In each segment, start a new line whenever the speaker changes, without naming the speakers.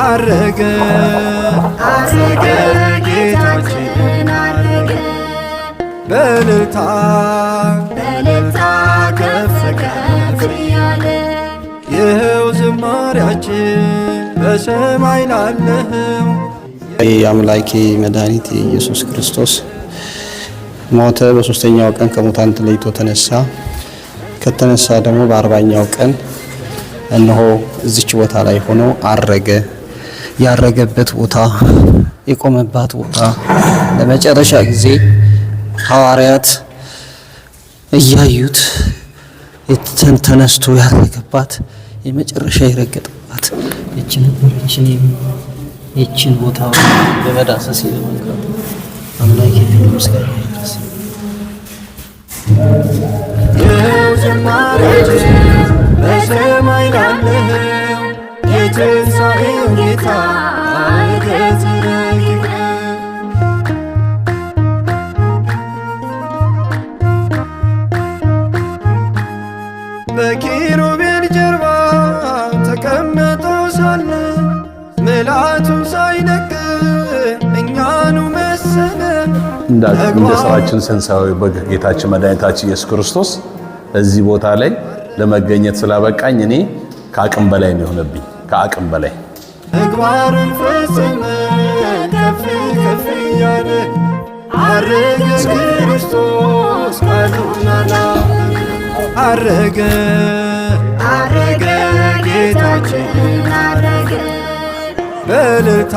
አረገ አረገ ጌታችን አረገ በልታ በልታ ከፍ ከፍ ያለ ይኸው ዝማሪያችን በሰማይ ላለኸው የአምላኬ መድኃኒት የኢየሱስ ክርስቶስ ሞተ፣ በሶስተኛው ቀን ከሙታን ተለይቶ ተነሳ። ከተነሳ ደግሞ በአርባኛው ቀን እነሆ እዚች ቦታ ላይ ሆኖ አረገ። ያረገበት ቦታ የቆመባት ቦታ ለመጨረሻ ጊዜ ሐዋርያት እያዩት ተነስቶ ያረገባት የመጨረሻ የረገጠባት
ይቺ ነበረች። ይቺን ቦታ በመዳሰስ ለመንካት አምላክ ምስጋና ይድረስ። በሰማይ የትንሣኤው ጌታ
በኪሩቤል ጀርባ ተቀምጦ ሳለ ምልአቱ ሳይነቅ እኛኑ መሰለ። እንደ ስራችን ስንሳዊ መድኃኒታችን ኢየሱስ ክርስቶስ እዚህ ቦታ ላይ ለመገኘት ስላበቃኝ እኔ ከአቅም በላይ ነው የሆነብኝ። ከአቅም በላይ ተግባርን ፈጽመ ከፍ ከፍ እያለ አረገ ክርስቶስ ቀኑናና አረገ አረገ ጌታችን አረገ በልታ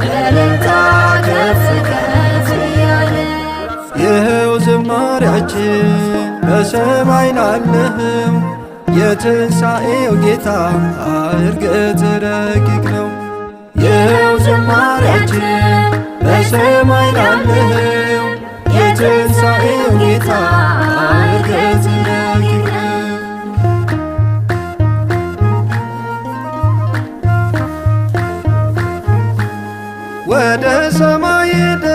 በልታ ከፍ ከፍ እያለ ይኸው ዝማሪያችን በሰማይ ናለህም
የትንሣኤው ጌታ እርግጥ ረቂቅ ነው። ይኸው ዝማሬያችን በሰማይ ላለኸው የትንሣኤው ጌታ እርግጥ ረቂቅ ነው። ወደ ሰማይ ሄደ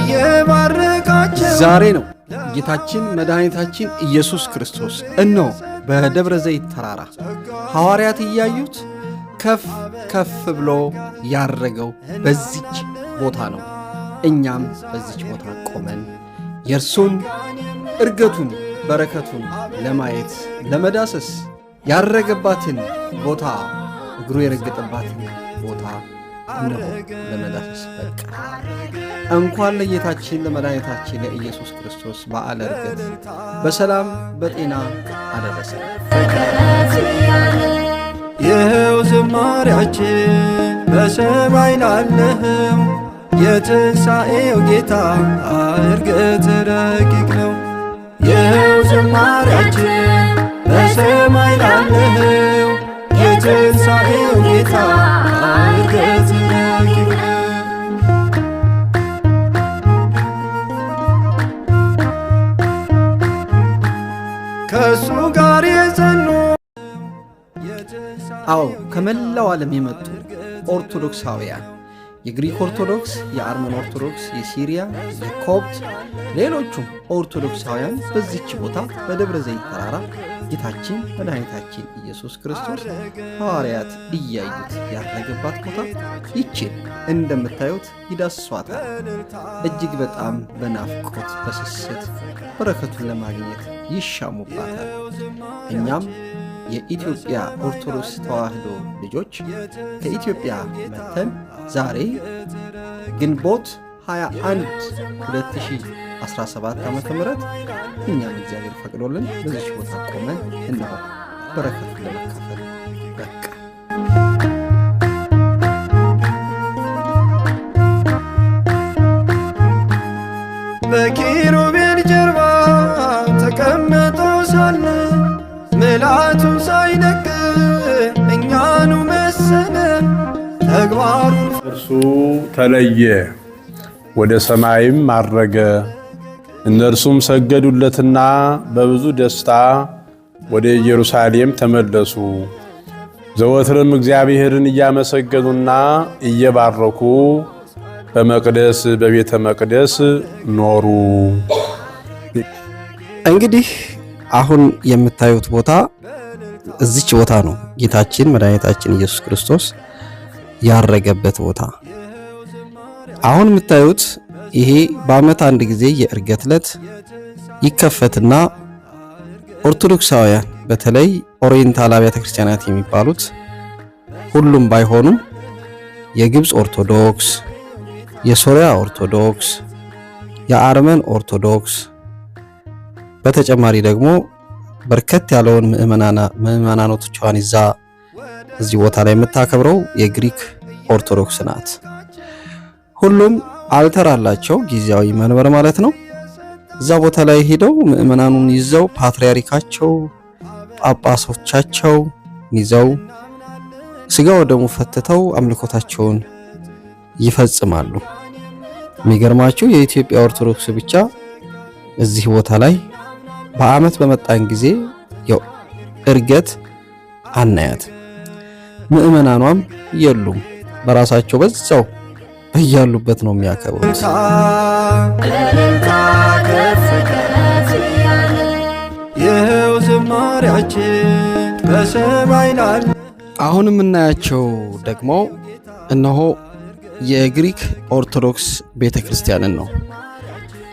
እየባረካቸው ዛሬ ነው ጌታችን መድኃኒታችን ኢየሱስ ክርስቶስ እነሆ በደብረ ዘይት ተራራ ሐዋርያት እያዩት ከፍ ከፍ ብሎ ያረገው በዚች ቦታ ነው። እኛም በዚች ቦታ ቆመን የእርሱን እርገቱን በረከቱን ለማየት ለመዳሰስ ያረገባትን ቦታ እግሩ የረገጠባትን ቦታ ለመዳሰስ በቃ እንኳን ለጌታችን ለመድኃኒታችን ለኢየሱስ ክርስቶስ በዓለ ዕርገት በሰላም በጤና አደረሰ። ይኸው ዝማሪያችን በሰማይ ላለኸው የትንሣኤው ጌታ ዕርገት ረቂቅ ነው። ይኸው ዝማሪያችን በሰማይ ላለኸው የትንሣኤው ጌታ አዎ ከመላው ዓለም የመጡ ኦርቶዶክሳውያን የግሪክ ኦርቶዶክስ፣ የአርመን ኦርቶዶክስ፣ የሲሪያ፣ የኮፕት ሌሎቹም ኦርቶዶክሳውያን በዚች ቦታ በደብረ ዘይት ተራራ ጌታችን መድኃኒታችን ኢየሱስ ክርስቶስ ሐዋርያት እያዩት ያረገባት ቦታ ይችን እንደምታዩት ይዳስሷታል። እጅግ በጣም በናፍቆት በስስት በረከቱን ለማግኘት ይሻሙባታል። እኛም የኢትዮጵያ ኦርቶዶክስ ተዋህዶ ልጆች ከኢትዮጵያ መጥተን ዛሬ ግንቦት 21 2017 ዓ ም እኛም እግዚአብሔር ፈቅዶልን በዚች ቦታ ቆመን እንሆ በረከቱ ለመካፈል በቃ በኪሩቤል ጀርባ
ተቀምጦ ሳለ ጥላቱ ሳይነቅ እኛኑ መሰለ ተግባሩ እርሱ ተለየ፣ ወደ ሰማይም አረገ። እነርሱም ሰገዱለትና በብዙ ደስታ ወደ ኢየሩሳሌም ተመለሱ። ዘወትርም እግዚአብሔርን እያመሰገኑና እየባረኩ በመቅደስ በቤተ መቅደስ ኖሩ።
እንግዲህ አሁን የምታዩት ቦታ እዚች ቦታ ነው ጌታችን መድኃኒታችን ኢየሱስ ክርስቶስ ያረገበት ቦታ። አሁን የምታዩት ይሄ በዓመት አንድ ጊዜ የእርገት ዕለት ይከፈትና ኦርቶዶክሳውያን በተለይ ኦሪየንታል አብያተ ክርስቲያናት የሚባሉት ሁሉም ባይሆኑም የግብፅ ኦርቶዶክስ፣ የሶሪያ ኦርቶዶክስ፣ የአርመን ኦርቶዶክስ በተጨማሪ ደግሞ በርከት ያለውን ምእመናኖቿን ይዛ እዚህ ቦታ ላይ የምታከብረው የግሪክ ኦርቶዶክስ ናት። ሁሉም አልተር አላቸው፣ ጊዜያዊ መንበር ማለት ነው። እዛ ቦታ ላይ ሄደው ምእመናኑን ይዘው ፓትርያርካቸው፣ ጳጳሶቻቸው ይዘው ስጋ ወደሙ ፈትተው አምልኮታቸውን ይፈጽማሉ። የሚገርማችሁ የኢትዮጵያ ኦርቶዶክስ ብቻ እዚህ ቦታ ላይ በዓመት በመጣን ጊዜ ያው እርገት አናያት፣ ምእመናኗም የሉም። በራሳቸው በዛው በያሉበት ነው የሚያከብሩት። ይኸው ዝማሪያችን በሰማይ ላለ አሁን የምናያቸው ደግሞ እነሆ የግሪክ ኦርቶዶክስ ቤተ ክርስቲያንን ነው።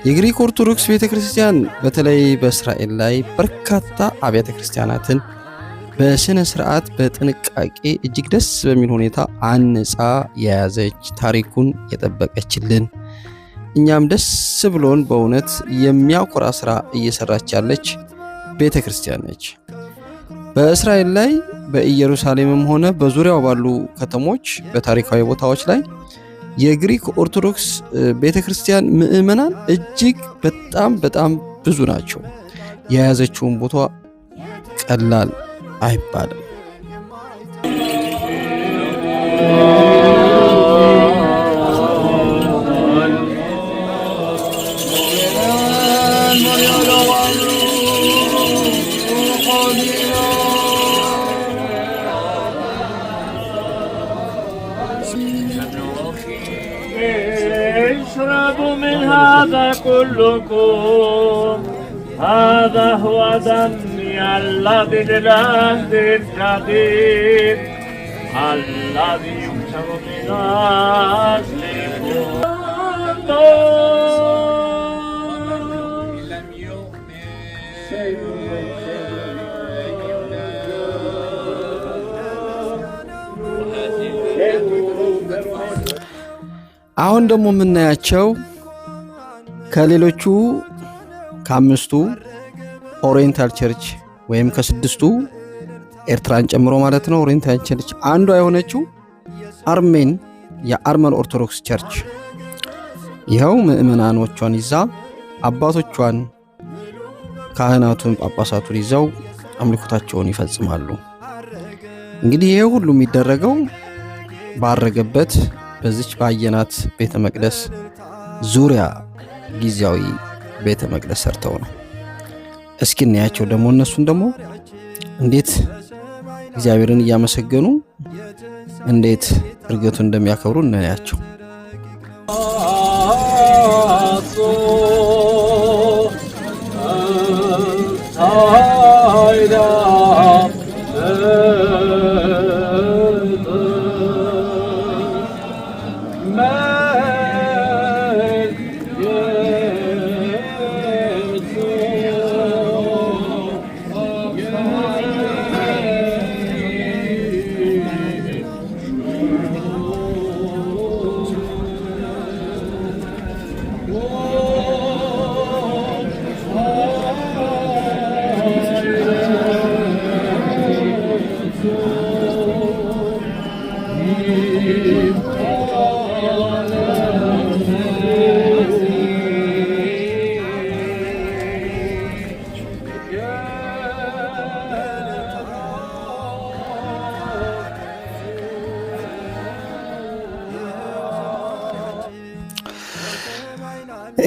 የግሪክ ኦርቶዶክስ ቤተ ክርስቲያን በተለይ በእስራኤል ላይ በርካታ አብያተ ክርስቲያናትን በሥነ ሥርዓት በጥንቃቄ እጅግ ደስ በሚል ሁኔታ አንጻ የያዘች ታሪኩን የጠበቀችልን እኛም ደስ ብሎን በእውነት የሚያኮራ ሥራ እየሰራች ያለች ቤተ ክርስቲያን ነች። በእስራኤል ላይ በኢየሩሳሌምም ሆነ በዙሪያው ባሉ ከተሞች በታሪካዊ ቦታዎች ላይ የግሪክ ኦርቶዶክስ ቤተክርስቲያን ምእመናን እጅግ በጣም በጣም ብዙ ናቸው። የያዘችውን ቦታ ቀላል አይባልም። هذا كلكم هذا هو دمي الذي للعهد الجديد الذي يكتب من أجلكم አሁን ደግሞ የምናያቸው ከሌሎቹ ከአምስቱ ኦሪየንታል ቸርች ወይም ከስድስቱ ኤርትራን ጨምሮ ማለት ነው ኦሪየንታል ቸርች አንዷ የሆነችው አርሜን የአርመን ኦርቶዶክስ ቸርች ይኸው ምእመናኖቿን ይዛ አባቶቿን ካህናቱን ጳጳሳቱን ይዘው አምልኮታቸውን ይፈጽማሉ። እንግዲህ ይሄ ሁሉ የሚደረገው ባረገበት በዚች በአየናት ቤተ መቅደስ ዙሪያ ጊዜያዊ ቤተ መቅደስ ሰርተው ነው። እስኪ እናያቸው ደግሞ እነሱን ደግሞ እንዴት እግዚአብሔርን እያመሰገኑ እንዴት እርገቱን እንደሚያከብሩ እናያቸው። Oh,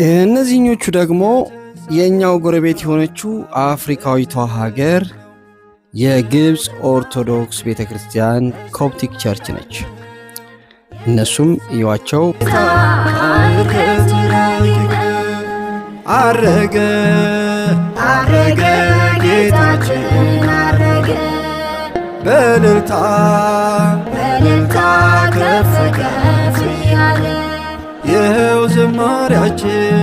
እነዚህኞቹ ደግሞ የእኛው ጎረቤት የሆነችው አፍሪካዊቷ ሀገር የግብፅ ኦርቶዶክስ ቤተ ክርስቲያን ኮፕቲክ ቸርች ነች። እነሱም እዩዋቸው። አረገ አረገ ጌታችን አረገ በልልታ በልልታ ከፍ ከፍ ያለ ዝማሪያችን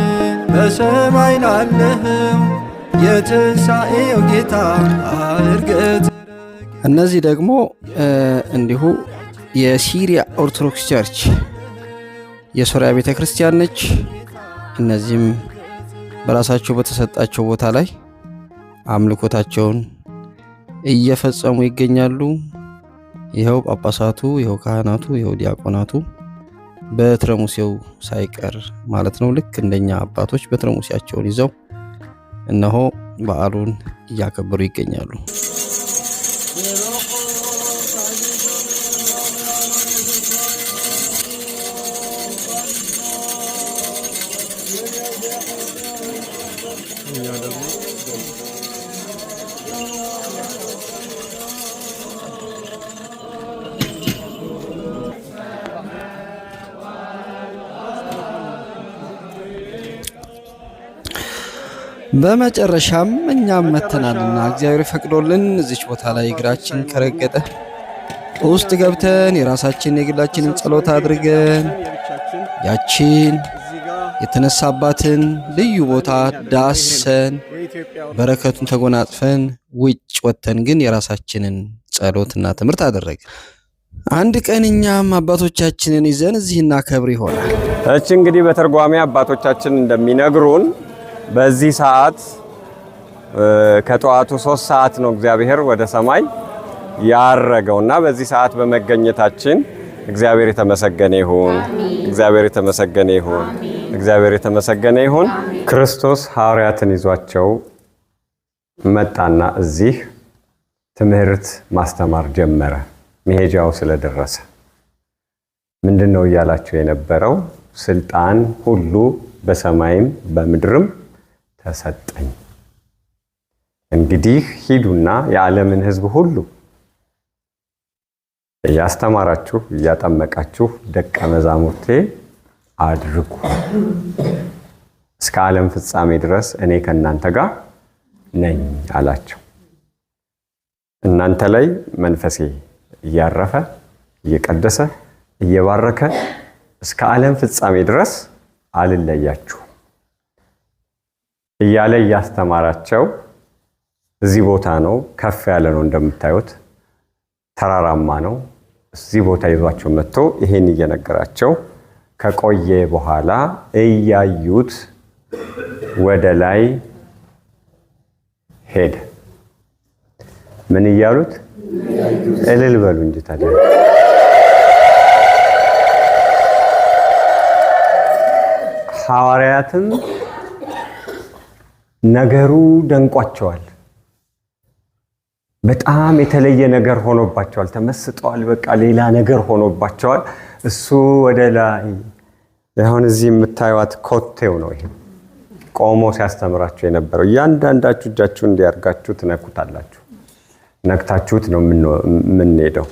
በሰማይ የትንሣኤው ጌታ እነዚህ ደግሞ እንዲሁ የሲሪያ ኦርቶዶክስ ቸርች የሶሪያ ቤተ ክርስቲያን ነች። እነዚህም በራሳቸው በተሰጣቸው ቦታ ላይ አምልኮታቸውን እየፈጸሙ ይገኛሉ። ይኸው ጳጳሳቱ፣ ይኸው ካህናቱ፣ ይኸው ዲያቆናቱ በትረ ሳይቀር ማለት ነው። ልክ እንደኛ አባቶች በትረ ይዘው እነሆ በዓሉን እያከበሩ ይገኛሉ። እኛ ደግሞ በመጨረሻም እኛም መተናልና እግዚአብሔር ፈቅዶልን እዚች ቦታ ላይ እግራችን ከረገጠ ውስጥ ገብተን የራሳችን የግላችንን ጸሎት አድርገን ያቺን የተነሳባትን ልዩ ቦታ ዳሰን በረከቱን ተጎናጽፈን ውጭ ወጥተን ግን የራሳችንን ጸሎትና ትምህርት አደረግን። አንድ ቀን እኛም አባቶቻችንን ይዘን እዚህ እናከብር ይሆናል።
እች እንግዲህ በተርጓሚ አባቶቻችን እንደሚነግሩን በዚህ ሰዓት ከጠዋቱ ሶስት ሰዓት ነው እግዚአብሔር ወደ ሰማይ ያረገው እና በዚህ ሰዓት በመገኘታችን እግዚአብሔር የተመሰገነ ይሁን። እግዚአብሔር የተመሰገነ ይሁን። እግዚአብሔር የተመሰገነ ይሁን። ክርስቶስ ሐዋርያትን ይዟቸው መጣና እዚህ ትምህርት ማስተማር ጀመረ። መሄጃው ስለደረሰ ምንድን ነው እያላቸው የነበረው? ስልጣን ሁሉ በሰማይም በምድርም ተሰጠኝ። እንግዲህ ሂዱና የዓለምን ሕዝብ ሁሉ እያስተማራችሁ እያጠመቃችሁ ደቀ መዛሙርቴ አድርጉ እስከ ዓለም ፍጻሜ ድረስ እኔ ከእናንተ ጋር ነኝ አላቸው። እናንተ ላይ መንፈሴ እያረፈ እየቀደሰ እየባረከ እስከ ዓለም ፍጻሜ ድረስ አልለያችሁ እያለ እያስተማራቸው እዚህ ቦታ ነው፣ ከፍ ያለ ነው፣ እንደምታዩት ተራራማ ነው። እዚህ ቦታ ይዟቸው መጥቶ ይሄን እየነገራቸው ከቆየ በኋላ እያዩት ወደ ላይ ሄደ። ምን እያሉት? እልል በሉ እንጂ ታዲያ። ሐዋርያትም ነገሩ ደንቋቸዋል። በጣም የተለየ ነገር ሆኖባቸዋል። ተመስጠዋል። በቃ ሌላ ነገር ሆኖባቸዋል። እሱ ወደ ላይ አሁን እዚህ የምታዩት ኮቴው ነው። ይሄ ቆሞ ሲያስተምራችሁ የነበረው እያንዳንዳችሁ እጃችሁ እንዲያርጋችሁ ትነኩታላችሁ። ነክታችሁት ነው የምንሄደው።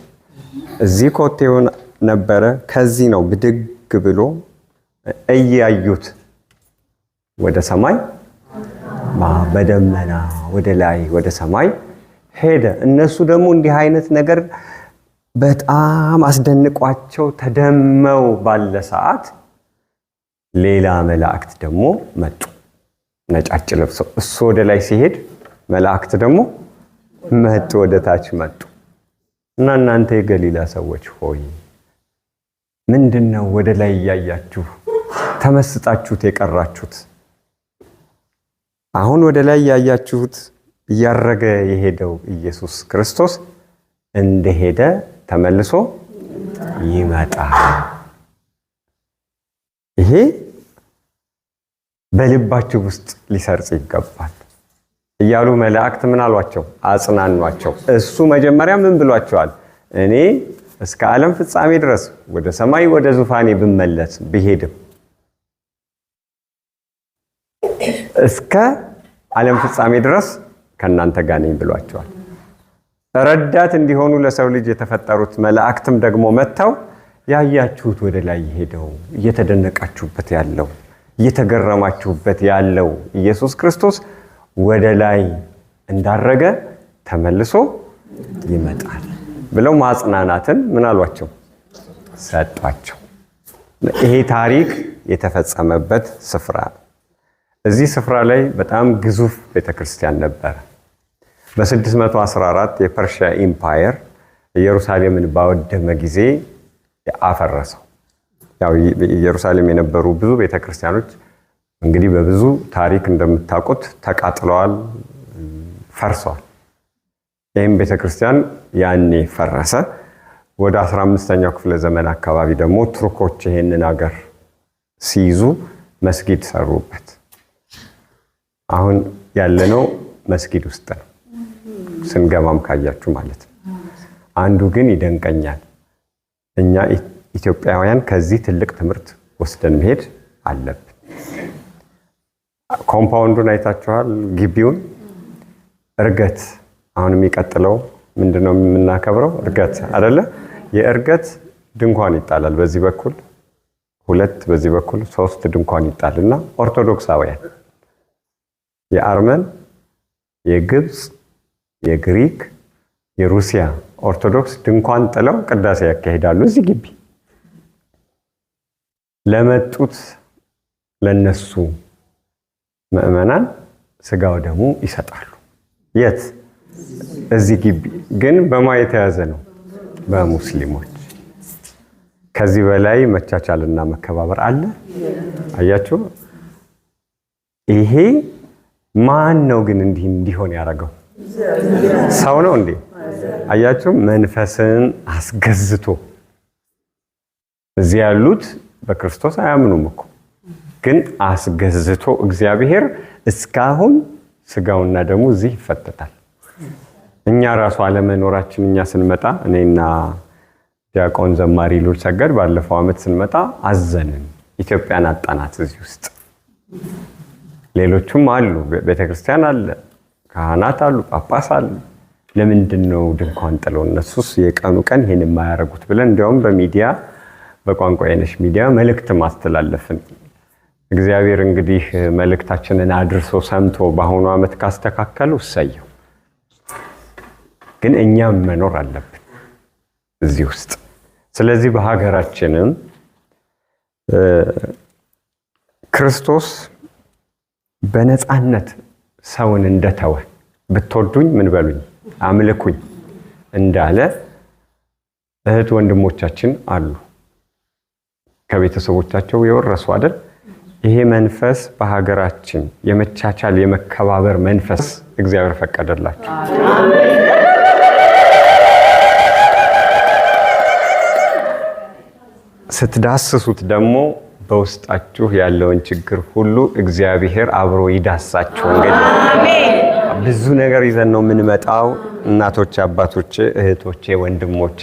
እዚህ ኮቴው ነበረ። ከዚህ ነው ብድግ ብሎ እያዩት ወደ ሰማይ በደመና ወደ ላይ ወደ ሰማይ ሄደ። እነሱ ደግሞ እንዲህ አይነት ነገር በጣም አስደንቋቸው ተደመው ባለ ሰዓት ሌላ መላእክት ደግሞ መጡ፣ ነጫጭ ለብሰው። እሱ ወደ ላይ ሲሄድ መላእክት ደግሞ መጡ፣ ወደ ታች መጡ። እና እናንተ የገሊላ ሰዎች ሆይ ምንድን ነው ወደ ላይ እያያችሁ ተመስጣችሁት የቀራችሁት? አሁን ወደ ላይ ያያችሁት እያረገ የሄደው ኢየሱስ ክርስቶስ እንደሄደ ተመልሶ ይመጣል። ይሄ በልባችሁ ውስጥ ሊሰርጽ ይገባል እያሉ መላእክት ምን አሏቸው? አጽናኗቸው። እሱ መጀመሪያ ምን ብሏቸዋል? እኔ እስከ ዓለም ፍጻሜ ድረስ ወደ ሰማይ ወደ ዙፋኔ ብመለስ ብሄድም እስከ ዓለም ፍጻሜ ድረስ ከእናንተ ጋር ነኝ ብሏቸዋል። ረዳት እንዲሆኑ ለሰው ልጅ የተፈጠሩት መላእክትም ደግሞ መጥተው ያያችሁት ወደ ላይ ሄደው እየተደነቃችሁበት ያለው እየተገረማችሁበት ያለው ኢየሱስ ክርስቶስ ወደ ላይ እንዳረገ ተመልሶ ይመጣል ብለው ማጽናናትን ምን አሏቸው ሰጧቸው። ይሄ ታሪክ የተፈጸመበት ስፍራ ነው። እዚህ ስፍራ ላይ በጣም ግዙፍ ቤተክርስቲያን ነበረ። በ614 የፐርሺያ ኢምፓየር ኢየሩሳሌምን ባወደመ ጊዜ አፈረሰው። ኢየሩሳሌም የነበሩ ብዙ ቤተክርስቲያኖች እንግዲህ በብዙ ታሪክ እንደምታውቁት ተቃጥለዋል፣ ፈርሰዋል። ይህም ቤተክርስቲያን ያኔ ፈረሰ። ወደ 15ኛው ክፍለ ዘመን አካባቢ ደግሞ ቱርኮች ይህንን አገር ሲይዙ መስጊድ ሰሩበት። አሁን ያለነው መስጊድ ውስጥ ነው፣ ስንገባም ካያችሁ ማለት ነው። አንዱ ግን ይደንቀኛል። እኛ ኢትዮጵያውያን ከዚህ ትልቅ ትምህርት ወስደን መሄድ አለብን። ኮምፓውንዱን አይታችኋል፣ ግቢውን እርገት። አሁን የሚቀጥለው ምንድነው የምናከብረው? እርገት አደለ? የእርገት ድንኳን ይጣላል። በዚህ በኩል ሁለት፣ በዚህ በኩል ሶስት ድንኳን እና ኦርቶዶክሳውያን የአርመን፣ የግብፅ፣ የግሪክ፣ የሩሲያ ኦርቶዶክስ ድንኳን ጥለው ቅዳሴ ያካሂዳሉ። እዚህ ግቢ ለመጡት ለነሱ ምዕመናን ስጋው ደግሞ ይሰጣሉ። የት? እዚህ ግቢ ግን በማ የተያዘ ነው? በሙስሊሞች። ከዚህ በላይ መቻቻልና መከባበር አለ። አያችሁ ይሄ ማን ነው ግን እንዲህ እንዲሆን ያደረገው? ሰው ነው እንዴ? አያችሁ፣ መንፈስን አስገዝቶ እዚህ ያሉት በክርስቶስ አያምኑም እኮ ግን አስገዝቶ እግዚአብሔር እስካሁን ስጋውና ደግሞ እዚህ ይፈተታል። እኛ ራሱ አለመኖራችን እኛ ስንመጣ እኔና ዲያቆን ዘማሪ ሉል ሰገድ ባለፈው ዓመት ስንመጣ አዘንን። ኢትዮጵያን አጣናት እዚህ ውስጥ ሌሎቹም አሉ። ቤተክርስቲያን አለ፣ ካህናት አሉ፣ ጳጳስ አሉ። ለምንድን ነው ድንኳን ጥለው እነሱስ የቀኑ ቀን ይህን የማያደርጉት ብለን እንዲያውም በሚዲያ በቋንቋ የነሽ ሚዲያ መልእክት ማስተላለፍን እግዚአብሔር እንግዲህ መልእክታችንን አድርሶ ሰምቶ በአሁኑ ዓመት ካስተካከሉ እሰየው። ግን እኛም መኖር አለብን እዚህ ውስጥ። ስለዚህ በሀገራችንም ክርስቶስ በነፃነት ሰውን እንደተወ ብትወዱኝ ምን በሉኝ አምልኩኝ እንዳለ እህት ወንድሞቻችን አሉ። ከቤተሰቦቻቸው የወረሱ አይደል? ይሄ መንፈስ በሀገራችን የመቻቻል የመከባበር መንፈስ እግዚአብሔር ፈቀደላቸው። ስትዳስሱት ደግሞ በውስጣችሁ ያለውን ችግር ሁሉ እግዚአብሔር አብሮ ይዳሳችሁ። እንግዲህ ብዙ ነገር ይዘን ነው የምንመጣው። እናቶቼ፣ አባቶቼ፣ እህቶቼ፣ ወንድሞቼ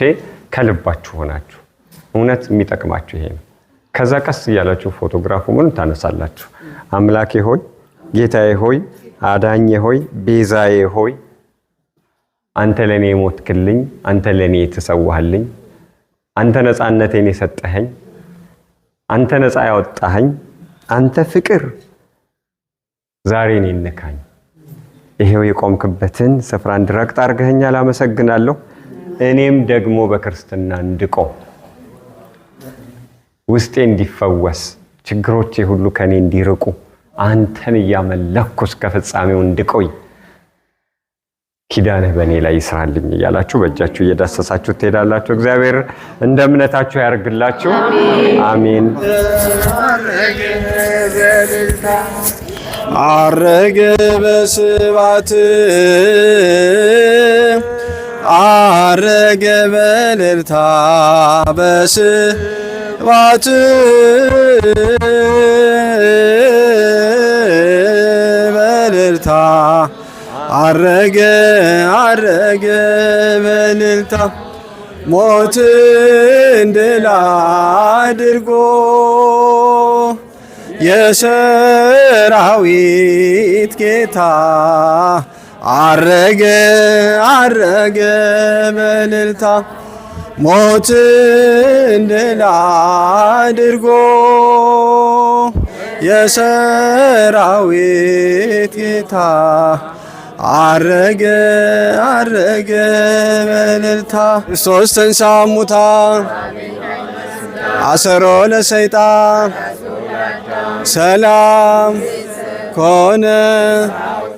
ከልባችሁ ሆናችሁ እውነት የሚጠቅማችሁ ይሄ ነው። ከዛ ቀስ እያላችሁ ፎቶግራፉ ምን ታነሳላችሁ። አምላኬ ሆይ፣ ጌታዬ ሆይ፣ አዳኜ ሆይ፣ ቤዛዬ ሆይ አንተ ለእኔ የሞትክልኝ፣ አንተ ለእኔ የተሰዋህልኝ፣ አንተ ነፃነቴን የሰጠኸኝ አንተ ነፃ ያወጣኸኝ አንተ ፍቅር ዛሬ እኔን ነካኝ። ይሄው የቆምክበትን ስፍራ እንድረግጥ አድርገኸኛል። አመሰግናለሁ። እኔም ደግሞ በክርስትና እንድቆም ውስጤ እንዲፈወስ ችግሮቼ ሁሉ ከእኔ እንዲርቁ አንተን እያመለኩ እስከ ፍጻሜው እንድቆይ ኪዳንህ በእኔ ላይ ይስራልኝ እያላችሁ በእጃችሁ እየዳሰሳችሁ ትሄዳላችሁ። እግዚአብሔር እንደ እምነታችሁ ያደርግላችሁ። አሜን። አረገ በስባት አረገ በልልታ በስባት አረገ አረገ በልልታ ሞትን ድል አድርጎ
የሰራዊት ጌታ አረገ አረገ በልልታ ሞትን ድል አድርጎ የሰራዊት ጌታ አረገ አረገ በልልታ ክርስቶስ ተንሳ እሙታን አሰሮ ለሰይጣ ሰላም ኮነ።